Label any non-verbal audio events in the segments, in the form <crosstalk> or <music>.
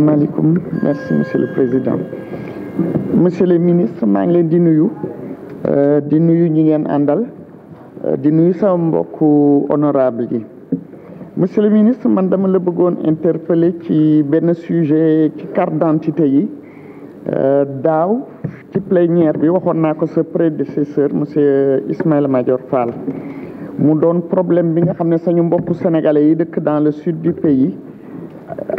merci monsieur le président monsieur le ministre je suis di nuyu monsieur le ministre je dama interpeller ci sujet ci carte d'identité yi Je euh, ci prédécesseur monsieur Ismaël Major Fall mu un problème sénégalais dans le sud du pays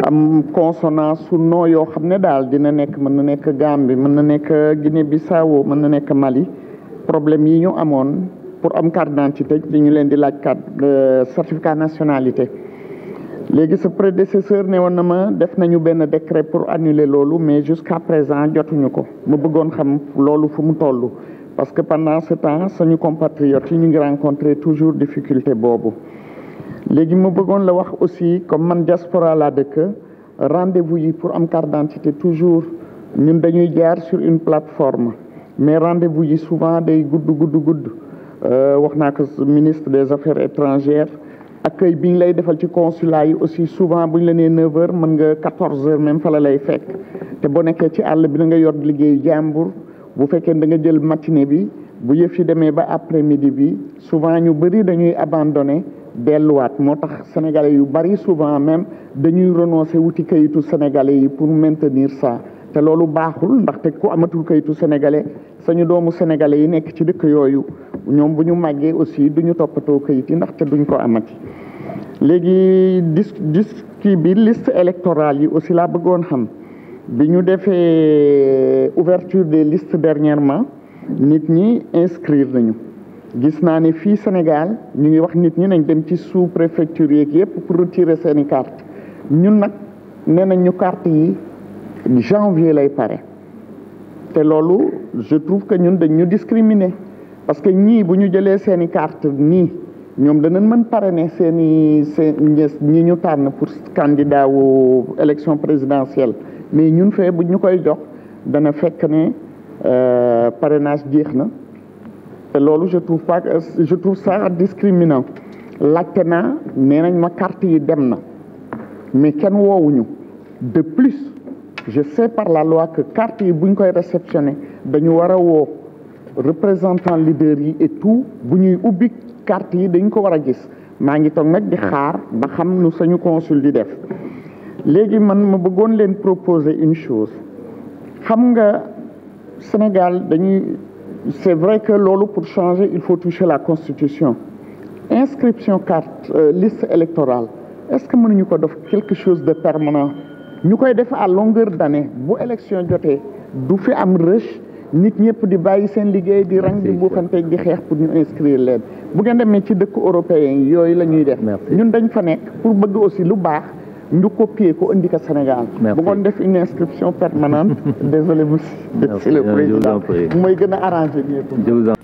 am consonance su noo yoo xam ne daal dina nekk mën na nekk Gambie mën na nekk Guinée Bissau mën na nekk Mali problème yi ñu amoon pour am carte te dañu leen di laaj carte euh, certificat nationalité. léegi sa prédécesseur ne woon na ma def nañu benn décret pour annuler loolu mais jusqu'à présent jotuñu ko ma bëggoon xam loolu fu mu toll parce que pendant ce temps suñu compatriotes yi ñu ngi rencontrer toujours difficulté boobu. léegi mo bëggoon la wax aussi comme man diaspora la dëkk rendez-vous yi pour am carte d'identité toujours ñun dañuy jaar sur une plateforme mais rendez-vous yi souvent day gudd gudd gudd euh waxna ko ministre des affaires étrangères accueil biñ lay défal ci consulat yi aussi souvent buñ la né 9h man nga 14h même fa la lay fekk té bo nekkee ci all bi nga yor liggéey jàmbur bu féké da nga jël matinée bi bu yëf ci démé ba après midi bi souvent ñu bëri dañuy abandonné. delluwaat moo tax sénégalais yu bari souvent même dañuy renoncer wuti kayitu sénégalais yi pour maintenir ça te loolu baaxul ndax ndaxte ku amatul kayitu sénégalais sañu doomu sénégalais yi nekk ci dëkk yooyu ñoom bu ñu màggee aussi duñu toppatoo kayit yi ndaxte duñ ko amati. léegi dis dis kii bi list électorale yi aussi laa bëggoon xam bi ñu defee ouverture des listes dernièrement nit ñi inscrire nañu. gis naa ne fii Sénégal ñu ngi wax nit ñi nañ dem ci sous préfecture yeeg yépp pour retirer seen i carte ñun nag nee nañ ñu carte yi janvier lay pare te loolu je trouve que ñun dañ ñu discriminer parce que ñii bu ñu jëlee seen i carte nii ñoom danañ mën parrainer seen i ñi ñu tànn pour candidat wu élection présidentielle mais ñun fee bu ñu koy jox dana fekk ne euh, parrainage jeex na lolu je trouve pas je trouve ça discriminant laajte nenañ ma carte yi dem na mais ken woowuñu de plus je sais par la loi que carte yi bu koy réceptionné dañu wara wo représentant leader yi et tout buñuy ubbi carte yi dañ ko wara gis ma ngi tok nag di xaar ba xam nu suñu consul di def légui man ma bëggoon leen proposer une chose xam nga Sénégal dañuy c'est vrai que lolo pour changer il faut toucher la constitution inscription carte euh, liste électorale est-ce que nous ko def quelque chose de permanent Nous avons def à longueur d'année bu élection jotee du fi am rëche nit ñëpp di bàyyi Ligue, liggéey di rang di buuxante di xeex pour ñu inscrire leen bu ngeen métier ci dëkk européen yooyu la ñuy def ñun dañ fa pour bëgg aussi le baax nous copier ko indi Sénégal. bu ngoon def une inscription permanente <laughs> désolé monsieur. le euh, président mooy gëna arranger. bien